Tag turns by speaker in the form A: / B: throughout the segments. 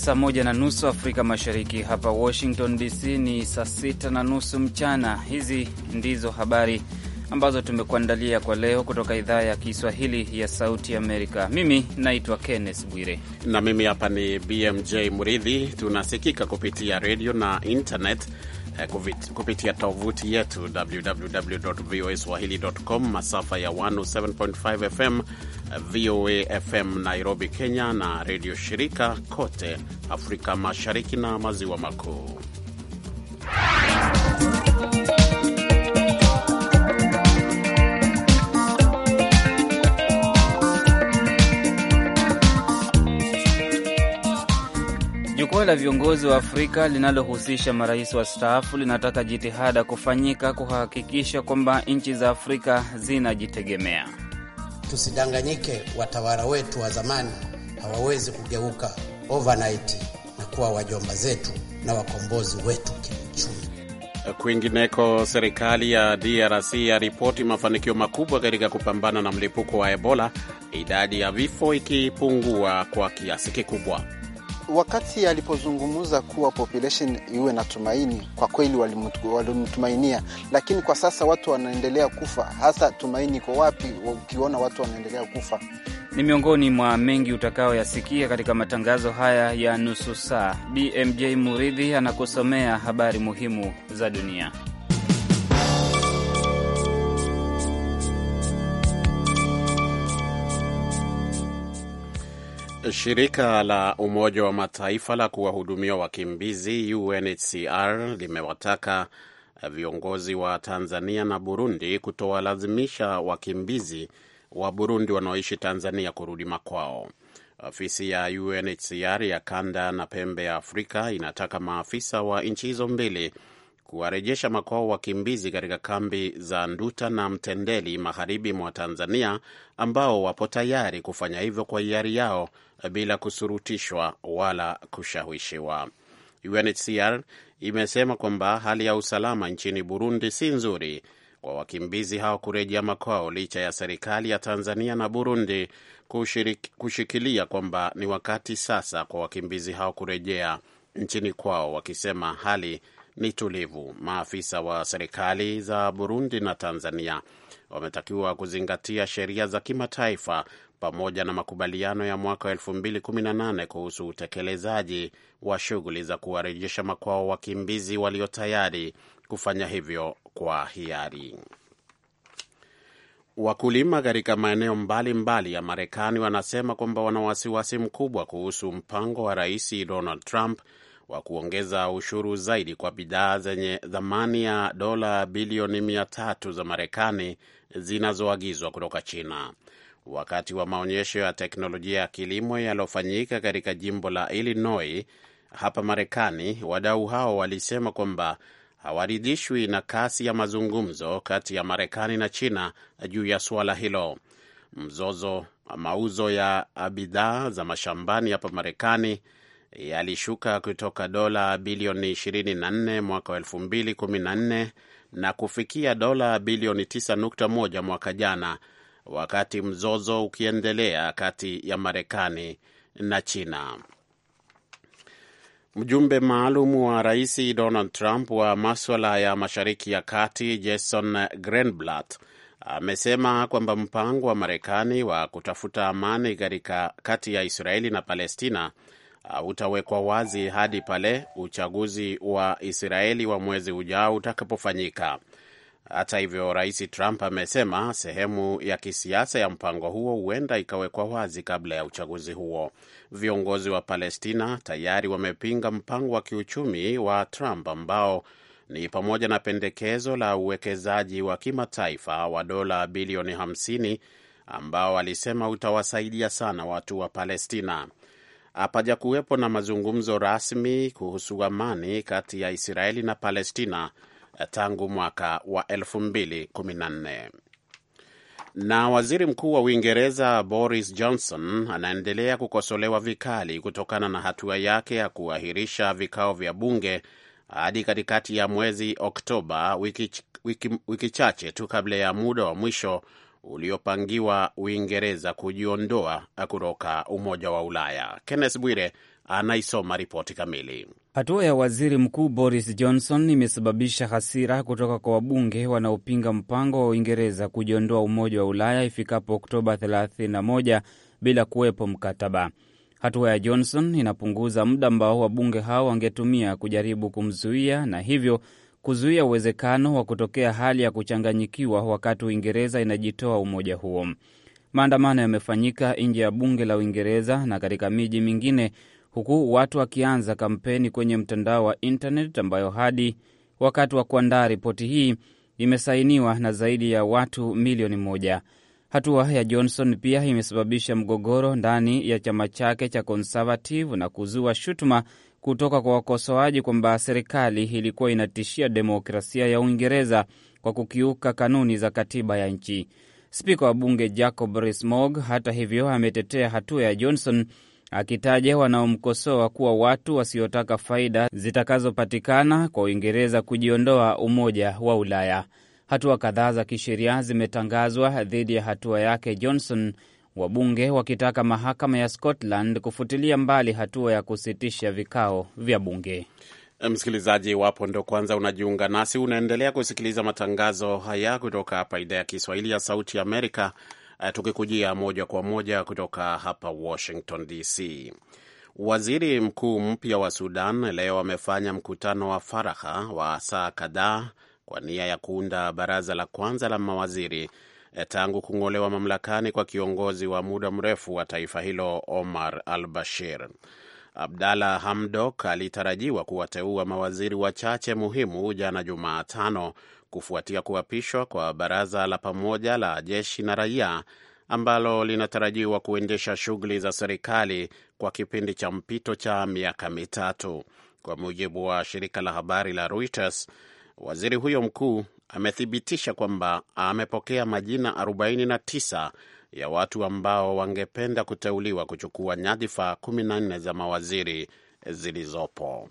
A: saa moja na nusu Afrika Mashariki. Hapa Washington DC ni saa sita na nusu mchana. Hizi ndizo habari ambazo tumekuandalia kwa leo kutoka idhaa ya Kiswahili ya Sauti Amerika. Mimi
B: naitwa Kenneth Bwire na mimi hapa ni BMJ Muridhi. Tunasikika kupitia redio na internet Eh, kupitia tovuti yetu swahilicom masafa ya 107.5 FM, VOA FM Nairobi, Kenya, na redio shirika kote Afrika Mashariki na Maziwa Makuu.
A: Jukwaa la viongozi wa Afrika linalohusisha marais wa staafu linataka jitihada kufanyika kuhakikisha kwamba nchi za Afrika zinajitegemea.
B: Tusidanganyike, watawala wetu wa zamani hawawezi kugeuka overnight na kuwa wajomba zetu na wakombozi wetu kiuchumi. Kwingineko, serikali ya DRC yaripoti mafanikio makubwa katika kupambana na mlipuko wa Ebola, idadi ya vifo ikipungua kwa kiasi kikubwa
C: wakati alipozungumza kuwa population iwe na tumaini, kwa kweli walimtumainia, lakini kwa sasa watu wanaendelea kufa. Hasa tumaini iko wapi ukiona watu wanaendelea kufa?
A: Ni miongoni mwa mengi utakayoyasikia katika matangazo haya ya nusu saa. BMJ Muridhi anakusomea habari muhimu za dunia.
B: Shirika la Umoja wa Mataifa la kuwahudumia wakimbizi UNHCR limewataka viongozi wa Tanzania na Burundi kutowalazimisha wakimbizi wa Burundi wanaoishi Tanzania kurudi makwao. Ofisi ya UNHCR ya kanda na pembe ya Afrika inataka maafisa wa nchi hizo mbili kuwarejesha makwao wakimbizi katika kambi za Nduta na Mtendeli magharibi mwa Tanzania ambao wapo tayari kufanya hivyo kwa hiari yao bila kusurutishwa wala kushawishiwa. UNHCR imesema kwamba hali ya usalama nchini Burundi si nzuri kwa wakimbizi hao kurejea makwao licha ya serikali ya Tanzania na Burundi kushirik, kushikilia kwamba ni wakati sasa kwa wakimbizi hao kurejea nchini kwao, wakisema hali ni tulivu. Maafisa wa serikali za Burundi na Tanzania wametakiwa kuzingatia sheria za kimataifa pamoja na makubaliano ya mwaka wa nane kuhusu utekelezaji wa shughuli za kuwarejesha makwao wakimbizi walio tayari kufanya hivyo kwa hiari. Wakulima katika maeneo mbalimbali ya Marekani wanasema kwamba wana wasiwasi mkubwa kuhusu mpango wa Rais Donald Trump wa kuongeza ushuru zaidi kwa bidhaa zenye thamani ya dola bilioni mia tatu za Marekani zinazoagizwa kutoka China. Wakati wa maonyesho ya teknolojia ya kilimo yaliyofanyika katika jimbo la Illinois hapa Marekani, wadau hao walisema kwamba hawaridhishwi na kasi ya mazungumzo kati ya Marekani na China juu ya suala hilo. Mzozo mauzo ya bidhaa za mashambani hapa Marekani yalishuka kutoka dola bilioni 24 mwaka wa 2014 na kufikia dola bilioni 9.1 mwaka jana, wakati mzozo ukiendelea kati ya Marekani na China. Mjumbe maalum wa Rais Donald Trump wa maswala ya Mashariki ya Kati Jason Greenblatt amesema kwamba mpango wa Marekani wa kutafuta amani katika kati ya Israeli na Palestina hautawekwa uh, wazi hadi pale uchaguzi wa Israeli wa mwezi ujao utakapofanyika. Hata hivyo, Rais Trump amesema sehemu ya kisiasa ya mpango huo huenda ikawekwa wazi kabla ya uchaguzi huo. Viongozi wa Palestina tayari wamepinga mpango wa kiuchumi wa Trump ambao ni pamoja na pendekezo la uwekezaji wa kimataifa wa dola bilioni 50 ambao alisema utawasaidia sana watu wa Palestina hapaja kuwepo na mazungumzo rasmi kuhusu amani kati ya Israeli na Palestina tangu mwaka wa 2014. Na waziri mkuu wa Uingereza Boris Johnson anaendelea kukosolewa vikali kutokana na hatua yake ya kuahirisha vikao vya bunge hadi katikati ya mwezi Oktoba, wiki, wiki, wiki chache tu kabla ya muda wa mwisho uliopangiwa Uingereza kujiondoa kutoka Umoja wa Ulaya. Kenneth Bwire anaisoma ripoti kamili.
A: Hatua ya waziri mkuu Boris Johnson imesababisha hasira kutoka kwa wabunge wanaopinga mpango wa Uingereza kujiondoa Umoja wa Ulaya ifikapo Oktoba 31 bila kuwepo mkataba. Hatua ya Johnson inapunguza muda ambao wabunge hao wangetumia kujaribu kumzuia na hivyo kuzuia uwezekano wa kutokea hali ya kuchanganyikiwa wakati Uingereza inajitoa umoja huo. Maandamano yamefanyika nje ya bunge la Uingereza na katika miji mingine, huku watu wakianza kampeni kwenye mtandao wa internet ambayo hadi wakati wa kuandaa ripoti hii imesainiwa na zaidi ya watu milioni moja. Hatua ya Johnson pia imesababisha mgogoro ndani ya chama chake cha Conservative na kuzua shutuma kutoka kwa wakosoaji kwamba serikali ilikuwa inatishia demokrasia ya Uingereza kwa kukiuka kanuni za katiba ya nchi. Spika wa bunge Jacob Rees-Mogg hata hivyo ametetea hatua ya Johnson akitaja wanaomkosoa kuwa watu wasiotaka faida zitakazopatikana kwa Uingereza kujiondoa Umoja wa Ulaya. Hatua kadhaa za kisheria zimetangazwa dhidi ya hatua yake Johnson wabunge wakitaka mahakama ya Scotland kufutilia mbali hatua ya kusitisha vikao vya bunge.
B: Eh, msikilizaji, iwapo ndo kwanza unajiunga nasi, unaendelea kusikiliza matangazo haya kutoka hapa idhaa ya Kiswahili ya Sauti ya Amerika, eh, tukikujia moja kwa moja kutoka hapa Washington DC. Waziri mkuu mpya wa Sudan leo amefanya mkutano wa faraha wa saa kadhaa kwa nia ya kuunda baraza la kwanza la mawaziri Eh, tangu kung'olewa mamlakani kwa kiongozi wa muda mrefu wa taifa hilo Omar al Bashir. Abdalla Hamdok alitarajiwa kuwateua mawaziri wachache muhimu jana Jumatano kufuatia kuapishwa kwa baraza la pamoja la jeshi na raia ambalo linatarajiwa kuendesha shughuli za serikali kwa kipindi cha mpito cha miaka mitatu. Kwa mujibu wa shirika la habari la Reuters, waziri huyo mkuu amethibitisha kwamba amepokea majina 49 ya watu ambao wangependa kuteuliwa kuchukua nyadhifa 14 za mawaziri zilizopo.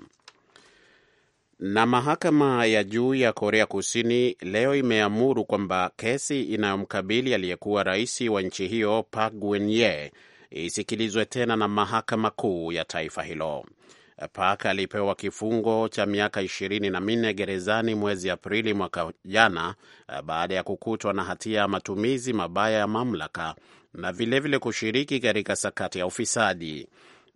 B: Na mahakama ya juu ya Korea Kusini leo imeamuru kwamba kesi inayomkabili aliyekuwa rais wa nchi hiyo Park Geun-hye isikilizwe tena na mahakama kuu ya taifa hilo. Park alipewa kifungo cha miaka ishirini na minne gerezani mwezi Aprili mwaka jana eh, baada ya kukutwa na hatia ya matumizi mabaya ya mamlaka na vilevile vile kushiriki katika sakati ya ufisadi.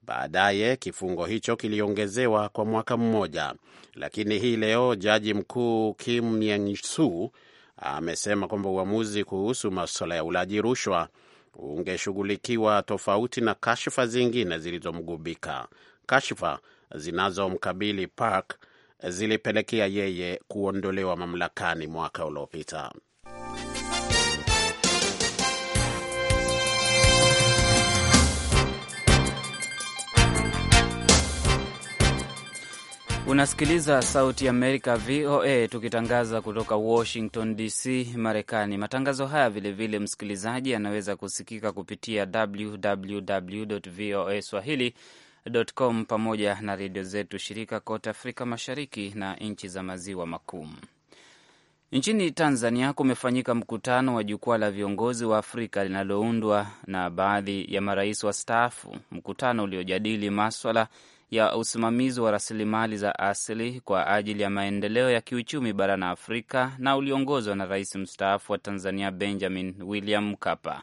B: Baadaye kifungo hicho kiliongezewa kwa mwaka mmoja, lakini hii leo jaji mkuu Kim Nyang-su amesema kwamba uamuzi kuhusu maswala ya ulaji rushwa ungeshughulikiwa tofauti na kashfa zingine zilizomgubika. Kashfa zinazomkabili Park zilipelekea yeye kuondolewa mamlakani mwaka uliopita.
A: Unasikiliza Sauti Amerika, VOA, tukitangaza kutoka Washington DC, Marekani. Matangazo haya vilevile vile, msikilizaji anaweza kusikika kupitia www voa swahili com pamoja na redio zetu shirika kote Afrika Mashariki na nchi za maziwa makuu. Nchini Tanzania kumefanyika mkutano wa jukwaa la viongozi wa Afrika linaloundwa na baadhi ya marais wastaafu, mkutano uliojadili maswala ya usimamizi wa rasilimali za asili kwa ajili ya maendeleo ya kiuchumi barani Afrika na uliongozwa na rais mstaafu wa Tanzania Benjamin William Mkapa.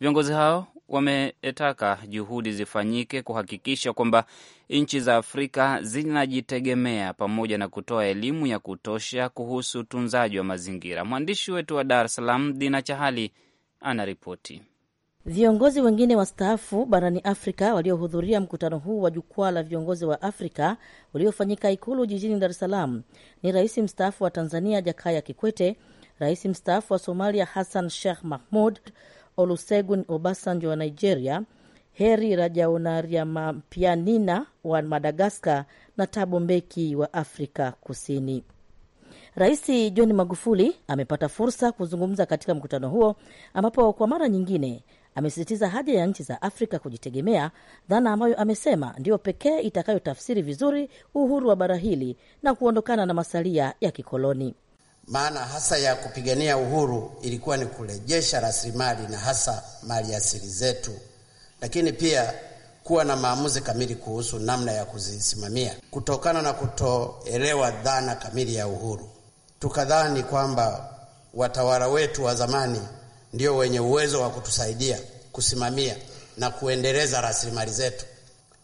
A: Viongozi hao wametaka juhudi zifanyike kuhakikisha kwamba nchi za Afrika zinajitegemea pamoja na kutoa elimu ya kutosha kuhusu utunzaji wa mazingira. Mwandishi wetu wa Dar es Salaam, Dina Chahali, anaripoti.
D: Viongozi wengine wastaafu barani Afrika waliohudhuria mkutano huu wa jukwaa la viongozi wa Afrika uliofanyika Ikulu jijini Dar es Salaam ni rais mstaafu wa Tanzania Jakaya Kikwete, rais mstaafu wa Somalia Hassan Sheikh Mahmud, Olusegun Obasanjo wa Nigeria, Heri Rajaonarimampianina wa Madagaskar na Tabo Mbeki wa Afrika Kusini. Rais John Magufuli amepata fursa kuzungumza katika mkutano huo ambapo kwa mara nyingine amesisitiza haja ya nchi za Afrika kujitegemea, dhana ambayo amesema ndiyo pekee itakayotafsiri vizuri uhuru wa bara hili na kuondokana na masalia ya kikoloni.
B: Maana hasa ya kupigania uhuru ilikuwa ni kurejesha rasilimali na hasa mali asili zetu, lakini pia kuwa na maamuzi kamili kuhusu namna ya kuzisimamia. Kutokana na kutoelewa dhana kamili ya uhuru, tukadhani kwamba watawala wetu wa zamani ndio wenye uwezo wa kutusaidia kusimamia na kuendeleza rasilimali zetu.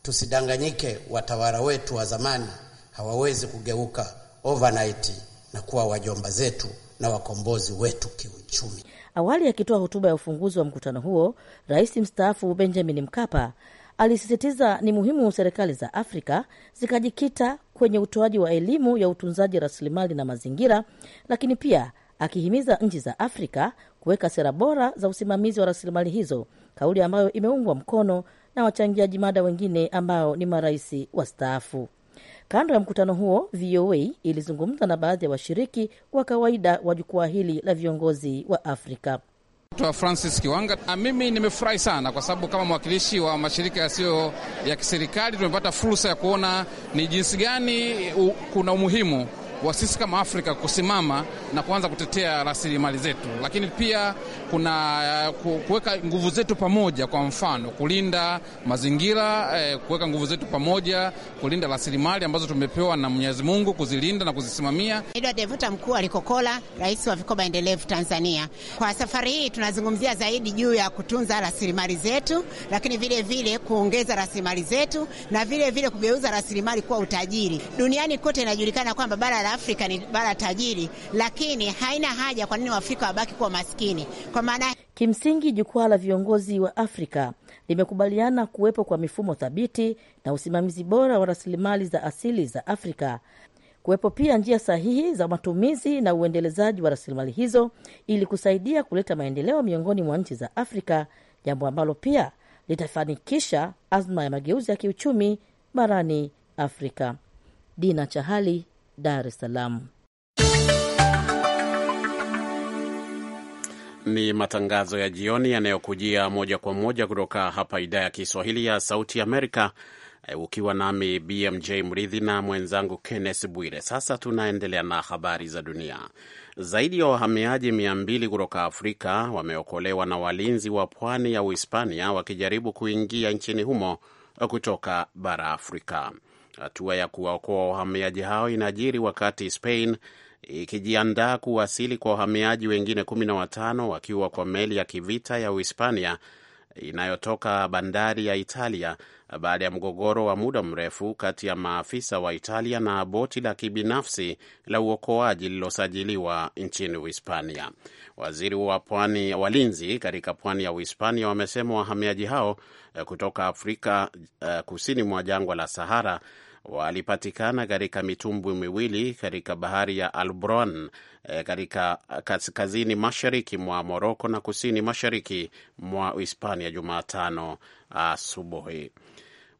B: Tusidanganyike, watawala wetu wa zamani hawawezi kugeuka overnight na kuwa wajomba zetu na wakombozi wetu kiuchumi.
D: Awali akitoa hotuba ya ufunguzi wa mkutano huo, rais mstaafu Benjamin Mkapa alisisitiza ni muhimu serikali za Afrika zikajikita kwenye utoaji wa elimu ya utunzaji rasilimali na mazingira, lakini pia akihimiza nchi za Afrika kuweka sera bora za usimamizi wa rasilimali hizo, kauli ambayo imeungwa mkono na wachangiaji mada wengine ambao ni marais wastaafu. Kando ya mkutano huo, VOA ilizungumza na baadhi ya washiriki wa kawaida wa jukwaa hili la viongozi wa Afrika.
C: Francis Kiwanga, mimi nimefurahi sana kwa sababu kama mwakilishi wa mashirika yasiyo ya kiserikali tumepata fursa ya kuona ni jinsi gani kuna umuhimu wa sisi kama Afrika kusimama na kuanza kutetea rasilimali zetu, lakini pia kuna eh, kuweka nguvu zetu pamoja, kwa mfano kulinda mazingira, eh, kuweka nguvu zetu pamoja kulinda rasilimali ambazo tumepewa na Mwenyezi Mungu, kuzilinda na kuzisimamia.
D: Edward Devuta, mkuu alikokola, rais wa vikoba endelevu Tanzania. Kwa safari hii tunazungumzia zaidi juu ya kutunza rasilimali zetu, lakini vile vile kuongeza rasilimali zetu na vile vile kugeuza rasilimali kuwa utajiri. Duniani kote inajulikana kwamba bara la Afrika ni bara tajiri, lakini haina haja. Kwa nini Waafrika wabaki kuwa maskini? Kwa maana kimsingi, jukwaa la viongozi wa Afrika limekubaliana kuwepo kwa mifumo thabiti na usimamizi bora wa rasilimali za asili za Afrika, kuwepo pia njia sahihi za matumizi na uendelezaji wa rasilimali hizo ili kusaidia kuleta maendeleo miongoni mwa nchi za Afrika, jambo ambalo pia litafanikisha azma ya mageuzi ya kiuchumi barani Afrika. Dina Chahali, Dar es Salaam.
B: Ni matangazo ya jioni yanayokujia moja kwa moja kutoka hapa idhaa ya Kiswahili ya Sauti Amerika, eh, ukiwa nami BMJ Mridhi na mwenzangu Kenneth Bwire. Sasa tunaendelea na habari za dunia. Zaidi ya wahamiaji mia mbili kutoka Afrika wameokolewa na walinzi wa pwani ya Uhispania wakijaribu kuingia nchini humo kutoka bara Afrika. Hatua ya kuwaokoa wahamiaji hao inajiri wakati Spain ikijiandaa kuwasili kwa wahamiaji wengine kumi na watano wakiwa kwa meli ya kivita ya Uhispania inayotoka bandari ya Italia baada ya mgogoro wa muda mrefu kati ya maafisa wa Italia na boti la kibinafsi la uokoaji lililosajiliwa nchini Uhispania. Waziri wa pwani walinzi katika pwani ya Uhispania wamesema wahamiaji hao eh, kutoka Afrika eh, kusini mwa jangwa la Sahara walipatikana katika mitumbwi miwili katika bahari ya Albron e, katika kaskazini mashariki mwa Moroko na kusini mashariki mwa Hispania Jumatano asubuhi.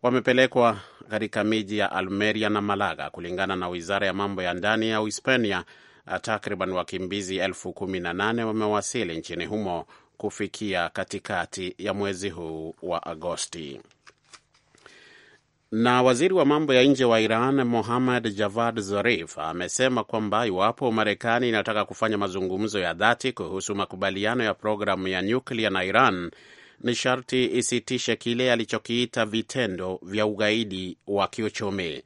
B: Wamepelekwa katika miji ya Almeria na Malaga, kulingana na wizara ya mambo ya ndani ya Uhispania. Ah, takriban wakimbizi elfu kumi na nane wamewasili nchini humo kufikia katikati ya mwezi huu wa Agosti. Na waziri wa mambo ya nje wa Iran Mohammad Javad Zarif amesema kwamba iwapo Marekani inataka kufanya mazungumzo ya dhati kuhusu makubaliano ya programu ya nyuklia na Iran ni sharti isitishe kile alichokiita vitendo vya ugaidi wa kiuchumi.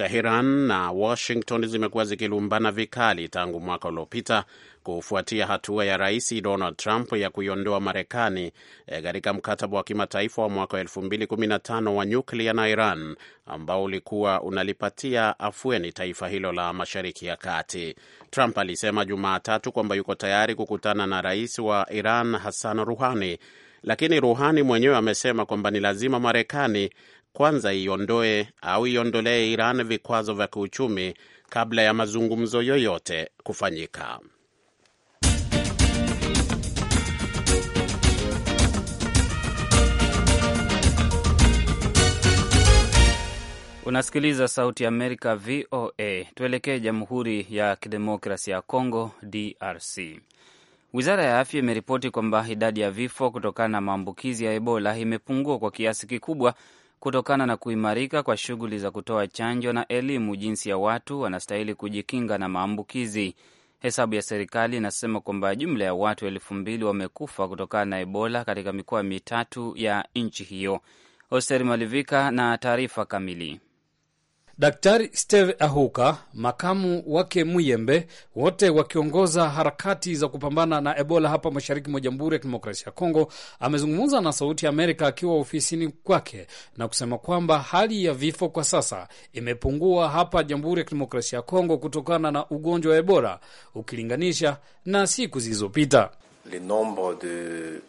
B: Teheran na Washington zimekuwa zikilumbana vikali tangu mwaka uliopita kufuatia hatua ya Rais Donald Trump ya kuiondoa Marekani eh, katika mkataba wa kimataifa wa mwaka 2015 wa nyuklia na Iran ambao ulikuwa unalipatia afueni taifa hilo la Mashariki ya Kati. Trump alisema Jumatatu kwamba yuko tayari kukutana na rais wa Iran Hassan ruhani lakini ruhani mwenyewe amesema kwamba ni lazima Marekani kwanza iondoe au iondolee Iran vikwazo vya kiuchumi kabla ya mazungumzo yoyote kufanyika.
A: Unasikiliza Sauti ya Amerika, VOA. Tuelekee Jamhuri ya Kidemokrasia ya congo DRC. Wizara ya afya imeripoti kwamba idadi ya vifo kutokana na maambukizi ya Ebola imepungua kwa kiasi kikubwa kutokana na kuimarika kwa shughuli za kutoa chanjo na elimu jinsi ya watu wanastahili kujikinga na maambukizi. Hesabu ya serikali inasema kwamba jumla ya watu elfu mbili wamekufa kutokana na Ebola katika mikoa mitatu ya nchi hiyo.
E: Hoster Malivika na taarifa kamili. Daktari Steve Ahuka, makamu wake Muyembe, wote wakiongoza harakati za kupambana na Ebola hapa mashariki mwa Jamhuri ya Kidemokrasia ya Kongo, amezungumza na Sauti ya Amerika akiwa ofisini kwake na kusema kwamba hali ya vifo kwa sasa imepungua hapa Jamhuri ya Kidemokrasia ya Kongo kutokana na ugonjwa wa Ebola ukilinganisha na siku zilizopita.
C: Le nombre de,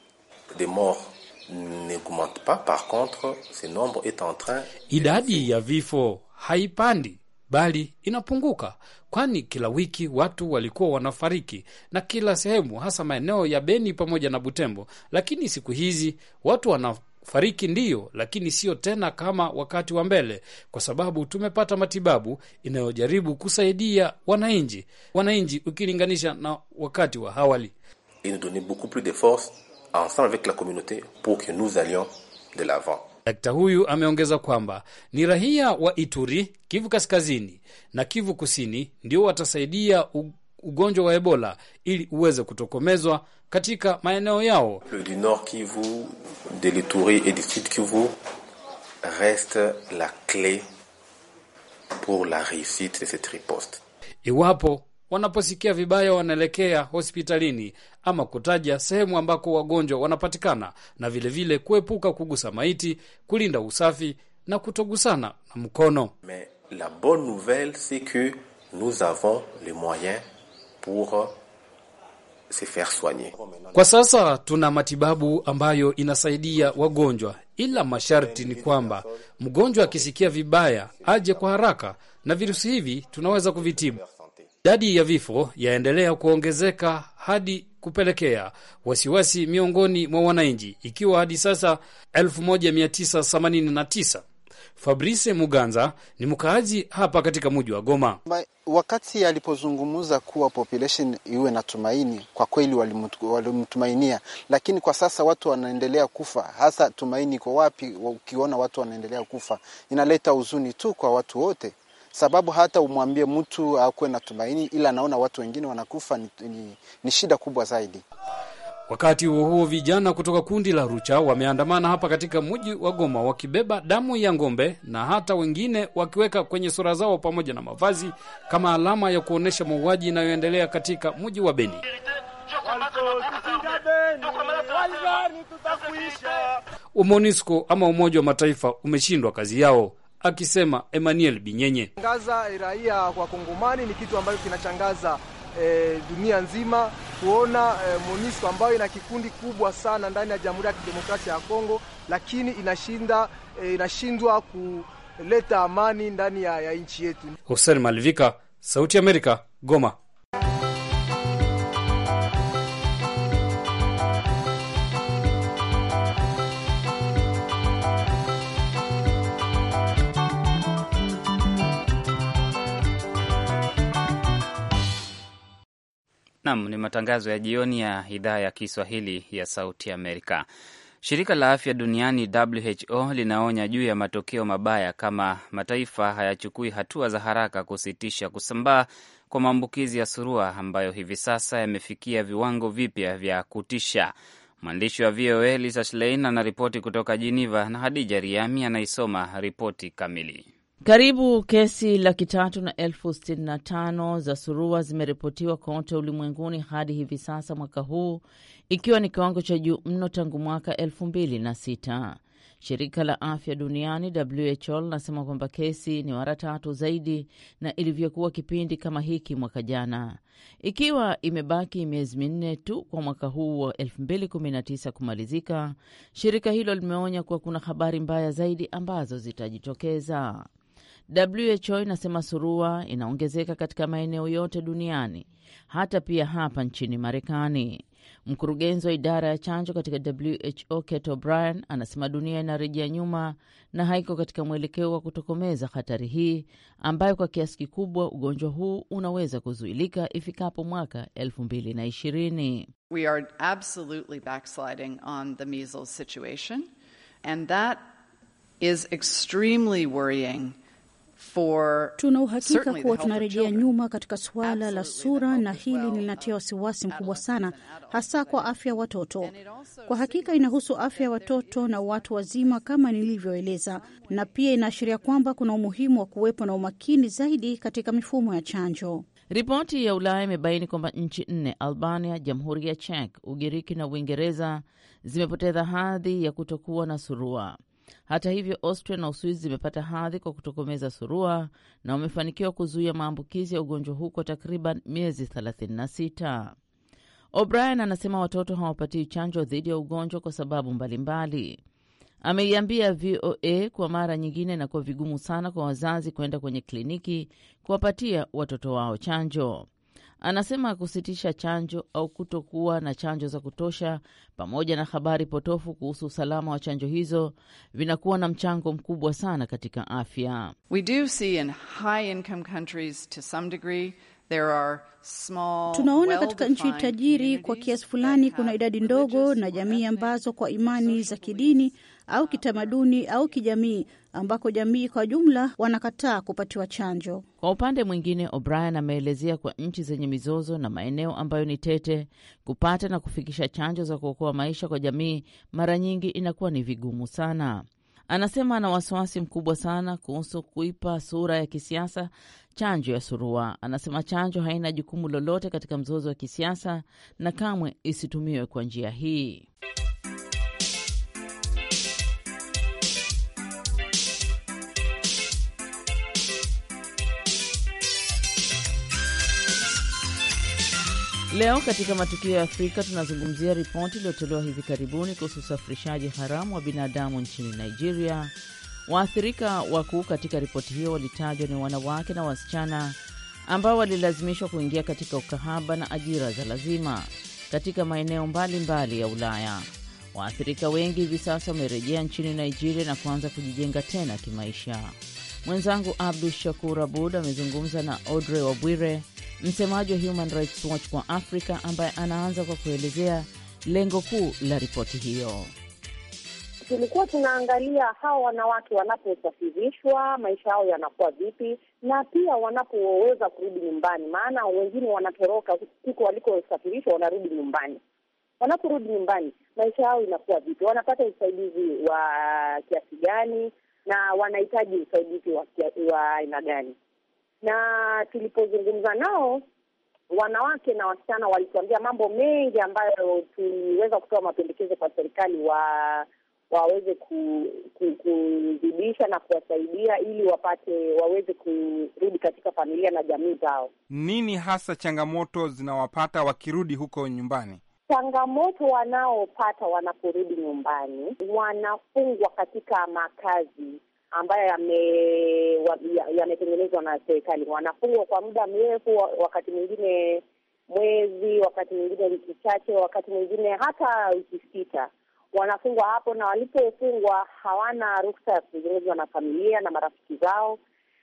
C: de n'augmente pas par contre ce nombre est en train,
E: idadi ya vifo haipandi bali inapunguka, kwani kila wiki watu walikuwa wanafariki na kila sehemu, hasa maeneo ya Beni pamoja na Butembo. Lakini siku hizi watu wanafariki ndiyo, lakini sio tena kama wakati wa mbele, kwa sababu tumepata matibabu inayojaribu kusaidia wananchi wananchi, ukilinganisha na wakati wa awali. Il nous
B: donnait beaucoup plus de force ensemble avec la communauté pour que nous allions de l'avant
E: Dakta huyu ameongeza kwamba ni raia wa Ituri, Kivu Kaskazini na Kivu Kusini ndio watasaidia ugonjwa wa Ebola ili uweze kutokomezwa katika maeneo yao.
B: Du Nord Kivu, de l'Ituri et du Sud Kivu reste la clé pour la réussite de cette
E: riposte. Iwapo wanaposikia vibaya wanaelekea hospitalini ama kutaja sehemu ambako wagonjwa wanapatikana, na vilevile kuepuka kugusa maiti, kulinda usafi na kutogusana na mkono.
B: Mais la bonne nouvelle c'est que nous avons les moyens pour se faire soigner.
E: Kwa sasa tuna matibabu ambayo inasaidia wagonjwa, ila masharti ni kwamba mgonjwa akisikia vibaya aje kwa haraka, na virusi hivi tunaweza kuvitibu. Idadi ya vifo yaendelea kuongezeka hadi kupelekea wasiwasi miongoni mwa wananchi, ikiwa hadi sasa 1989. Fabrice Muganza ni mkaaji hapa katika mji wa Goma.
C: Wakati alipozungumza kuwa population iwe na tumaini, kwa kweli walimtumainia, lakini kwa sasa watu wanaendelea kufa. Hasa tumaini iko wapi? Ukiona watu wanaendelea kufa, inaleta huzuni tu kwa watu wote sababu hata umwambie mtu akuwe na tumaini, ila anaona watu wengine wanakufa ni, ni, ni shida kubwa zaidi.
E: Wakati huo huo, vijana kutoka kundi la Rucha wameandamana hapa katika mji wa Goma wakibeba damu ya ng'ombe na hata wengine wakiweka kwenye sura zao pamoja na mavazi kama alama ya kuonyesha mauaji inayoendelea katika mji wa Beni. UMONUSCO ama Umoja wa Mataifa umeshindwa kazi yao akisema Emmanuel Binyenye.
C: Changaza raia kwa
D: Kongomani ni kitu ambacho kinachangaza e, dunia nzima kuona e, MONUSCO
C: ambayo ina kikundi kubwa sana ndani ya Jamhuri ya Kidemokrasia ya Kongo, lakini inashinda e, inashindwa kuleta amani ndani ya, ya nchi yetu.
E: Hussein Malvika, Sauti ya Amerika, Goma.
A: Nam ni matangazo ya jioni ya idhaa ya Kiswahili ya Sauti Amerika. Shirika la Afya Duniani WHO linaonya juu ya matokeo mabaya kama mataifa hayachukui hatua za haraka kusitisha kusambaa kwa maambukizi ya surua ambayo hivi sasa yamefikia viwango vipya vya kutisha. Mwandishi wa VOA Lisa Schlein anaripoti kutoka Jiniva na Hadija Riami anaisoma ripoti kamili.
F: Karibu kesi laki tatu na elfu sitini na tano za surua zimeripotiwa kote ulimwenguni hadi hivi sasa mwaka huu, ikiwa ni kiwango cha juu mno tangu mwaka elfu mbili na sita. Shirika la afya duniani WHO linasema kwamba kesi ni mara tatu zaidi na ilivyokuwa kipindi kama hiki mwaka jana, ikiwa imebaki miezi minne tu kwa mwaka huu wa 2019 kumalizika. Shirika hilo limeonya kuwa kuna habari mbaya zaidi ambazo zitajitokeza. WHO inasema surua inaongezeka katika maeneo yote duniani hata pia hapa nchini Marekani. Mkurugenzi wa idara ya chanjo katika WHO Kate O'Brien anasema dunia inarejea nyuma na haiko katika mwelekeo wa kutokomeza hatari hii ambayo kwa kiasi kikubwa ugonjwa huu unaweza kuzuilika ifikapo mwaka 2020.
E: We are
A: absolutely backsliding on the measles situation and that is extremely worrying. Tuna uhakika kuwa tunarejea
D: nyuma katika suala Absolutely la sura, na hili linatia um, wasiwasi mkubwa sana, hasa kwa afya ya watoto. Kwa hakika inahusu afya ya watoto na watu wazima kama nilivyoeleza, na pia inaashiria kwamba kuna umuhimu wa kuwepo na umakini zaidi katika mifumo ya
F: chanjo. Ripoti ya Ulaya imebaini kwamba nchi nne, Albania, Jamhuri ya Czech, Ugiriki na Uingereza, zimepoteza hadhi ya kutokuwa na surua. Hata hivyo, Austria na Uswizi zimepata hadhi kwa kutokomeza surua na wamefanikiwa kuzuia maambukizi ya ugonjwa huu kwa takriban miezi 36. O'Brien anasema watoto hawapatii chanjo dhidi ya ugonjwa kwa sababu mbalimbali. Ameiambia VOA kwa mara nyingine, inakuwa vigumu sana kwa wazazi kwenda kwenye kliniki kuwapatia watoto wao chanjo. Anasema kusitisha chanjo au kutokuwa na chanjo za kutosha pamoja na habari potofu kuhusu usalama wa chanjo hizo vinakuwa na mchango mkubwa sana katika afya.
A: We do see in high income countries to some degree There are small, tunaona katika nchi
D: tajiri kwa kiasi fulani kuna idadi ndogo na jamii ambazo kwa imani za kidini au uh, kitamaduni au kijamii ambako jamii kwa jumla wanakataa kupatiwa chanjo.
F: Kwa upande mwingine, O'Brien ameelezea kwa nchi zenye mizozo na maeneo ambayo ni tete, kupata na kufikisha chanjo za kuokoa maisha kwa jamii mara nyingi inakuwa ni vigumu sana. Anasema ana wasiwasi mkubwa sana kuhusu kuipa sura ya kisiasa chanjo ya surua. Anasema chanjo haina jukumu lolote katika mzozo wa kisiasa na kamwe isitumiwe kwa njia hii. Leo katika matukio ya Afrika tunazungumzia ripoti iliyotolewa hivi karibuni kuhusu usafirishaji haramu wa binadamu nchini Nigeria. Waathirika wakuu katika ripoti hiyo walitajwa ni wanawake na wasichana ambao walilazimishwa kuingia katika ukahaba na ajira za lazima katika maeneo mbalimbali ya Ulaya. Waathirika wengi hivi sasa wamerejea nchini Nigeria na kuanza kujijenga tena kimaisha. Mwenzangu Abdu Shakur Abud amezungumza na Audrey Wabwire, msemaji wa Human Rights Watch kwa Africa, ambaye anaanza kwa kuelezea lengo kuu la ripoti hiyo.
G: Tulikuwa tunaangalia hawa wanawake wanaposafirishwa, maisha yao yanakuwa vipi, na pia wanapoweza kurudi nyumbani, maana wengine wanatoroka huko walikosafirishwa, wanarudi nyumbani. Wanaporudi nyumbani, maisha yao inakuwa vipi? Wanapata usaidizi wa kiasi gani? na wanahitaji usaidizi wa aina gani. Na tulipozungumza nao wanawake na wasichana walituambia mambo mengi ambayo tuliweza kutoa mapendekezo kwa serikali wa waweze kuzidisha ku, ku, na kuwasaidia ili wapate waweze kurudi katika familia na jamii zao.
C: Nini hasa changamoto zinawapata wakirudi huko nyumbani?
G: Changamoto wanaopata wanaporudi nyumbani, wanafungwa katika makazi ambayo yametengenezwa na serikali. Wanafungwa kwa muda mrefu, wakati mwingine mwezi, wakati mwingine wiki chache, wakati mwingine hata wiki sita. Wanafungwa hapo, na walipofungwa hawana ruhusa ya kuzungumza na familia na marafiki zao,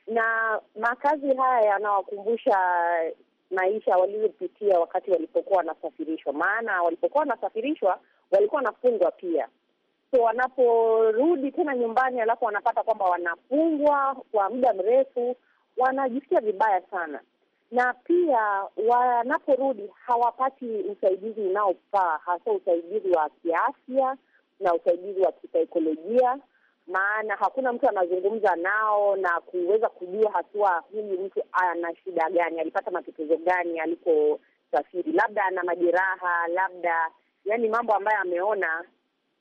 G: na makazi haya yanawakumbusha maisha walizopitia wakati walipokuwa wanasafirishwa, maana walipokuwa wanasafirishwa walikuwa wanafungwa pia. So wanaporudi tena nyumbani, alafu wanapata kwamba wanafungwa kwa muda mrefu, wanajisikia vibaya sana, na pia wanaporudi hawapati usaidizi unaofaa, hasa usaidizi wa kiafya na usaidizi wa kisaikolojia maana hakuna mtu anazungumza nao na kuweza kujua hatua huyu mtu ana shida gani, alipata matatizo gani aliposafiri, labda ana majeraha, labda yani mambo ambayo ameona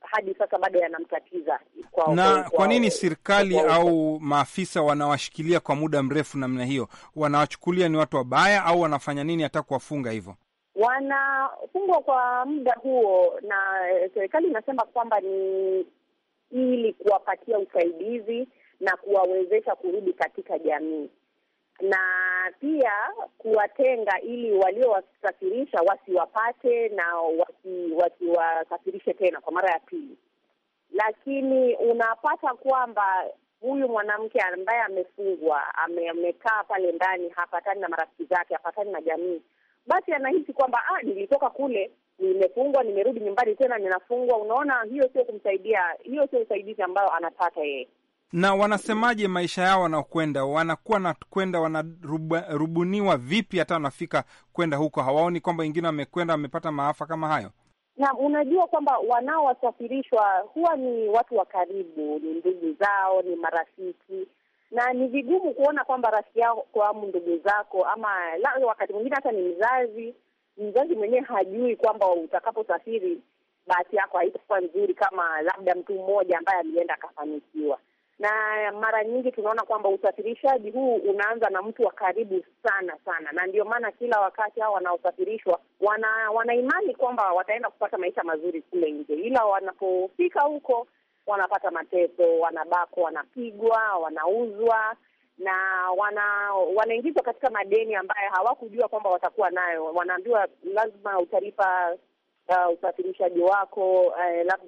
G: hadi sasa bado yanamtatiza. Kwa na kwa nini
C: serikali au maafisa wanawashikilia kwa muda mrefu namna hiyo? Wanawachukulia ni watu wabaya au wanafanya nini hata kuwafunga hivyo?
G: Wanafungwa kwa muda huo, na eh, serikali inasema kwamba ni ili kuwapatia usaidizi na kuwawezesha kurudi katika jamii, na pia kuwatenga ili waliowasafirisha wasiwapate na wasiwasafirishe wasi tena kwa mara ya pili. Lakini unapata kwamba huyu mwanamke ambaye amefungwa, amekaa pale ndani, hapatani na marafiki zake, hapatani na jamii, basi anahisi kwamba ah, nilitoka kule nimefungwa, nimerudi nyumbani tena ninafungwa. Unaona, hiyo sio kumsaidia, hiyo sio usaidizi ambayo anapata yeye.
C: Na wanasemaje maisha yao wanaokwenda, wanakuwa na kwenda, wanarubuniwa vipi hata wanafika kwenda huko? Hawaoni kwamba wengine wamekwenda wamepata maafa kama hayo?
G: Na unajua kwamba wanaowasafirishwa huwa ni watu wa karibu, ni ndugu zao, ni marafiki, na ni vigumu kuona kwamba rafiki yako au ndugu zako ama la, wakati mwingine hata ni mzazi mzazi mwenyewe hajui kwamba utakaposafiri bahati yako haitakuwa nzuri kama labda mtu mmoja ambaye alienda akafanikiwa. Na mara nyingi tunaona kwamba usafirishaji huu unaanza na mtu wa karibu sana sana, na ndio maana kila wakati hao wanaosafirishwa wana, wana kwamba wataenda kupata maisha mazuri kule nje, ila wanapofika huko wanapata mateso, wanabakwa, wanapigwa, wanauzwa na wana wanaingizwa katika madeni ambayo hawakujua kwamba watakuwa nayo. Wanaambiwa lazima utalipa uh, usafirishaji wako uh, la,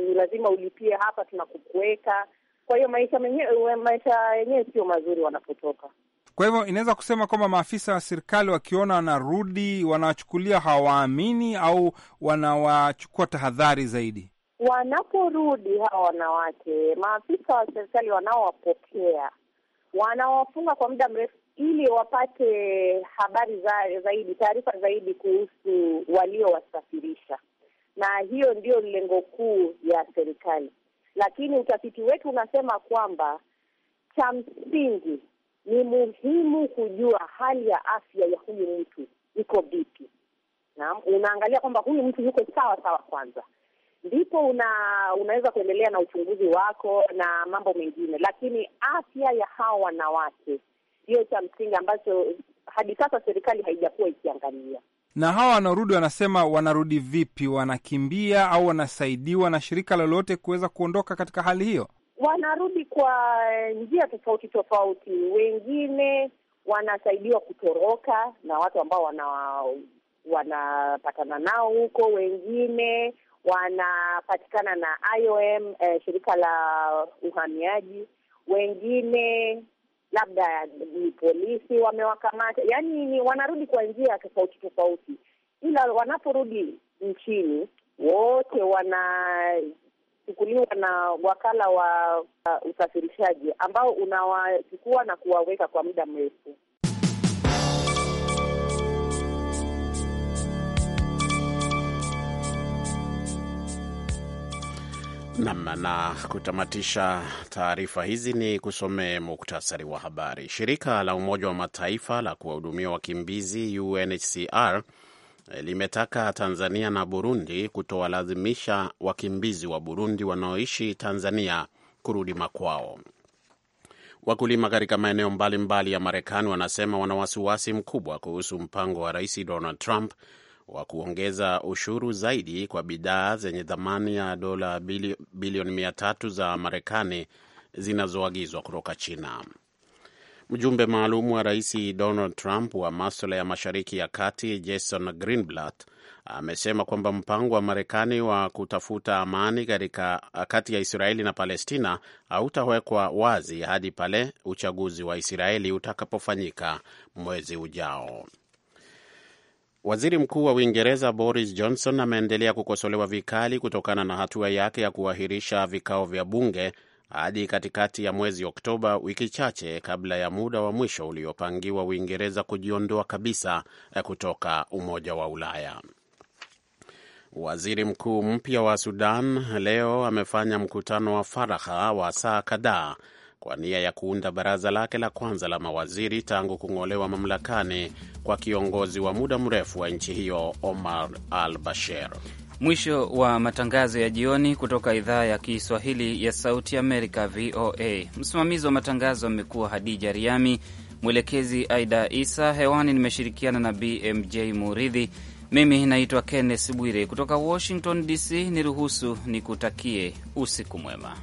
G: ni lazima ulipie hapa tunakukuweka. Kwa hiyo maisha menyewe maisha yenyewe sio mazuri wanapotoka.
C: Kwa hivyo inaweza kusema kwamba maafisa wa serikali wakiona wanarudi, wanawachukulia hawaamini, au wanawachukua tahadhari zaidi
G: wanaporudi hawa wanawake. Maafisa wa serikali wanaowapokea wanawafunga kwa muda mrefu ili wapate habari za, zaidi taarifa zaidi kuhusu waliowasafirisha, na hiyo ndiyo lengo kuu ya serikali. Lakini utafiti wetu unasema kwamba cha msingi ni muhimu kujua hali ya afya ya huyu mtu iko vipi. Naam, unaangalia kwamba huyu mtu yuko sawa sawa kwanza, ndipo una, unaweza kuendelea na uchunguzi wako na mambo mengine, lakini afya ya hawa wanawake ndiyo cha msingi ambacho hadi sasa serikali haijakuwa ikiangalia.
C: Na hawa wanarudi, wanasema wanarudi vipi? Wanakimbia au wanasaidiwa na shirika lolote kuweza kuondoka katika hali hiyo?
G: Wanarudi kwa eh, njia tofauti tofauti, wengine wanasaidiwa kutoroka na watu ambao wana wanapatana nao huko, wengine wanapatikana na IOM, eh, shirika la uhamiaji. Wengine labda ni polisi wamewakamata, yani ni wanarudi kwa njia tofauti tofauti, ila wanaporudi nchini wote wanachukuliwa na wakala wa uh, usafirishaji ambao unawachukua na kuwaweka kwa muda mrefu.
B: Nam na kutamatisha taarifa hizi ni kusomee muktasari wa habari. Shirika la Umoja wa Mataifa la kuwahudumia wakimbizi UNHCR limetaka Tanzania na Burundi kutowalazimisha wakimbizi wa Burundi wanaoishi Tanzania kurudi makwao. Wakulima katika maeneo mbalimbali ya Marekani wanasema wana wasiwasi mkubwa kuhusu mpango wa Rais Donald Trump wa kuongeza ushuru zaidi kwa bidhaa zenye thamani ya dola bilioni mia tatu za Marekani zinazoagizwa kutoka China. Mjumbe maalum wa rais Donald Trump wa maswala ya mashariki ya kati Jason Greenblatt amesema kwamba mpango wa Marekani wa kutafuta amani katika kati ya Israeli na Palestina hautawekwa wazi hadi pale uchaguzi wa Israeli utakapofanyika mwezi ujao. Waziri Mkuu wa Uingereza Boris Johnson ameendelea kukosolewa vikali kutokana na hatua yake ya kuahirisha vikao vya bunge hadi katikati ya mwezi Oktoba, wiki chache kabla ya muda wa mwisho uliopangiwa Uingereza kujiondoa kabisa eh, kutoka Umoja wa Ulaya. Waziri mkuu mpya wa Sudan leo amefanya mkutano wa faragha wa saa kadhaa kwa nia ya kuunda baraza lake la kwanza la mawaziri tangu kung'olewa mamlakani kwa kiongozi wa muda mrefu wa nchi hiyo Omar al Bashir.
A: Mwisho wa matangazo ya jioni kutoka idhaa ya Kiswahili ya Sauti Amerika, VOA. Msimamizi wa matangazo amekuwa Hadija Riami, mwelekezi Aida Isa. Hewani nimeshirikiana na BMJ Muridhi. Mimi naitwa Kenneth Bwire kutoka Washington DC. Niruhusu nikutakie usiku mwema.